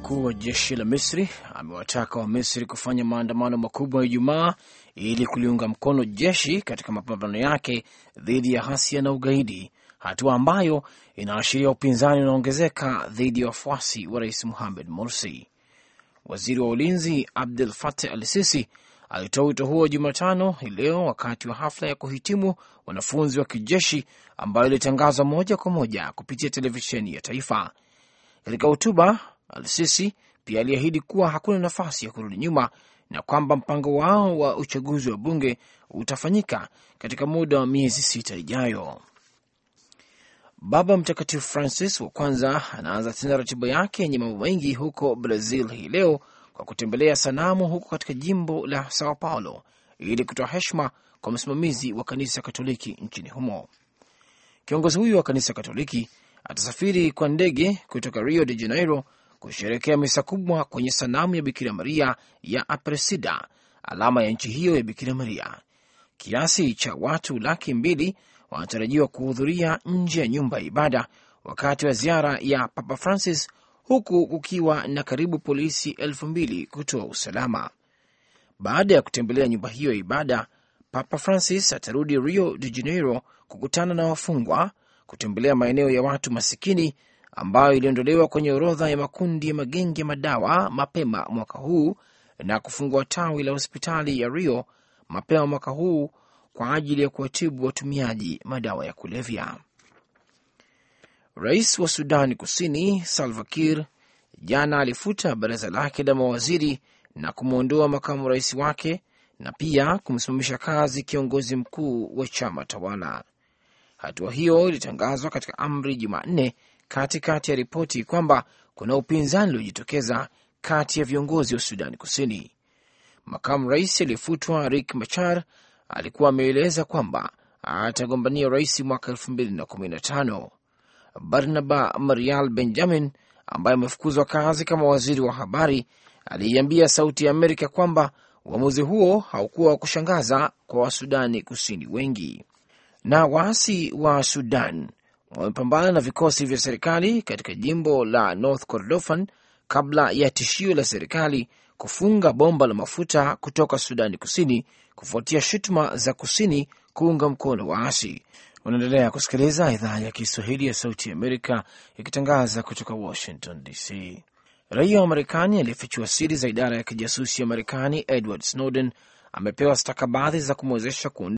mkuu wa jeshi la Misri amewataka wa Misri kufanya maandamano makubwa Ijumaa ili kuliunga mkono jeshi katika mapambano yake dhidi ya ghasia na ugaidi, hatua ambayo inaashiria upinzani unaongezeka dhidi ya wafuasi wa rais muhamed Morsi. Waziri wa ulinzi abdul fatah Al Sisi alitoa wito huo Jumatano hii leo wakati wa hafla ya kuhitimu wanafunzi wa kijeshi ambayo ilitangazwa moja kwa moja kupitia televisheni ya taifa. Katika hotuba Alsisi pia aliahidi kuwa hakuna nafasi ya kurudi nyuma na kwamba mpango wao wa uchaguzi wa bunge utafanyika katika muda wa miezi sita ijayo. Baba Mtakatifu Francis wa kwanza anaanza tena ratiba yake yenye mambo mengi huko Brazil hii leo kwa kutembelea sanamu huko katika jimbo la Sao Paulo ili kutoa heshima kwa msimamizi wa kanisa Katoliki nchini humo. Kiongozi huyo wa kanisa Katoliki atasafiri kwa ndege kutoka Rio de Janeiro kusherekea misa kubwa kwenye sanamu ya Bikira Maria ya Aparecida, alama ya nchi hiyo ya Bikira Maria. Kiasi cha watu laki mbili wanatarajiwa kuhudhuria nje ya nyumba ya ibada wakati wa ziara ya Papa Francis, huku kukiwa na karibu polisi elfu mbili kutoa usalama. Baada ya kutembelea nyumba hiyo ya ibada, Papa Francis atarudi Rio de Janeiro kukutana na wafungwa, kutembelea maeneo ya watu masikini ambayo iliondolewa kwenye orodha ya makundi ya magenge ya madawa mapema mwaka huu na kufungua tawi la hospitali ya Rio mapema mwaka huu kwa ajili ya kuwatibu watumiaji madawa ya kulevya. Rais wa Sudani Kusini Salva Kiir jana alifuta baraza lake la mawaziri na kumwondoa makamu rais wake na pia kumsimamisha kazi kiongozi mkuu wa chama tawala. Hatua hiyo ilitangazwa katika amri Jumanne katikati ya ripoti kwamba kuna upinzani uliojitokeza kati ya viongozi wa Sudani Kusini. Makamu rais aliyefutwa rik Machar alikuwa ameeleza kwamba atagombania rais mwaka elfu mbili na kumi na tano. Barnaba Marial Benjamin ambaye amefukuzwa kazi kama waziri wa habari aliiambia Sauti ya Amerika kwamba uamuzi huo haukuwa wa kushangaza kwa Wasudani Kusini wengi na waasi wa Sudan wamepambana na vikosi vya serikali katika jimbo la North Kordofan kabla ya tishio la serikali kufunga bomba la mafuta kutoka Sudani Kusini kufuatia shutuma za kusini kuunga mkono waasi. Unaendelea kusikiliza idhaa ya Kiswahili ya Sauti ya Amerika ikitangaza kutoka Washington DC. Raia wa Marekani aliyefichua siri za idara ya kijasusi ya Marekani Edward Snowden amepewa stakabadhi za kumwezesha